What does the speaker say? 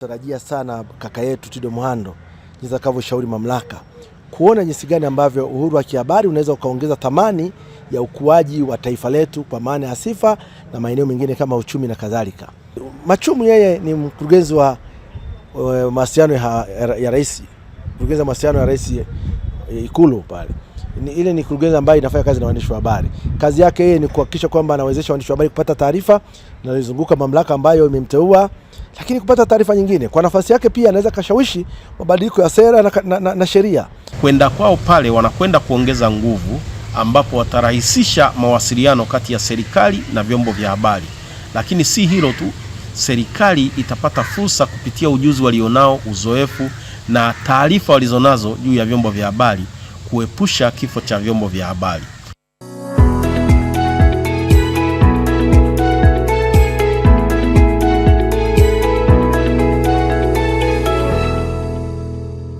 Tarajia sana kaka yetu Tido Mhando jinsi atakavyoshauri mamlaka kuona jinsi gani ambavyo uhuru wa kihabari unaweza ukaongeza thamani ya ukuaji wa taifa letu kwa maana ya sifa na maeneo mengine kama uchumi na kadhalika. Machumu yeye ni mkurugenzi wa eh, mawasiliano ya rais, mkurugenzi wa mawasiliano ya rais eh, Ikulu pale ni, ile ni kurugenzi ambaye inafanya kazi na waandishi wa habari. Kazi yake yeye ni kuhakikisha kwamba anawezesha waandishi wa habari kupata taarifa inayozunguka mamlaka ambayo imemteua, lakini kupata taarifa nyingine. Kwa nafasi yake pia anaweza kashawishi mabadiliko ya sera na, na, na, na sheria. Kwenda kwao pale wanakwenda kuongeza nguvu, ambapo watarahisisha mawasiliano kati ya serikali na vyombo vya habari, lakini si hilo tu serikali itapata fursa kupitia ujuzi walionao, uzoefu na taarifa walizonazo juu ya vyombo vya habari kuepusha kifo cha vyombo vya habari.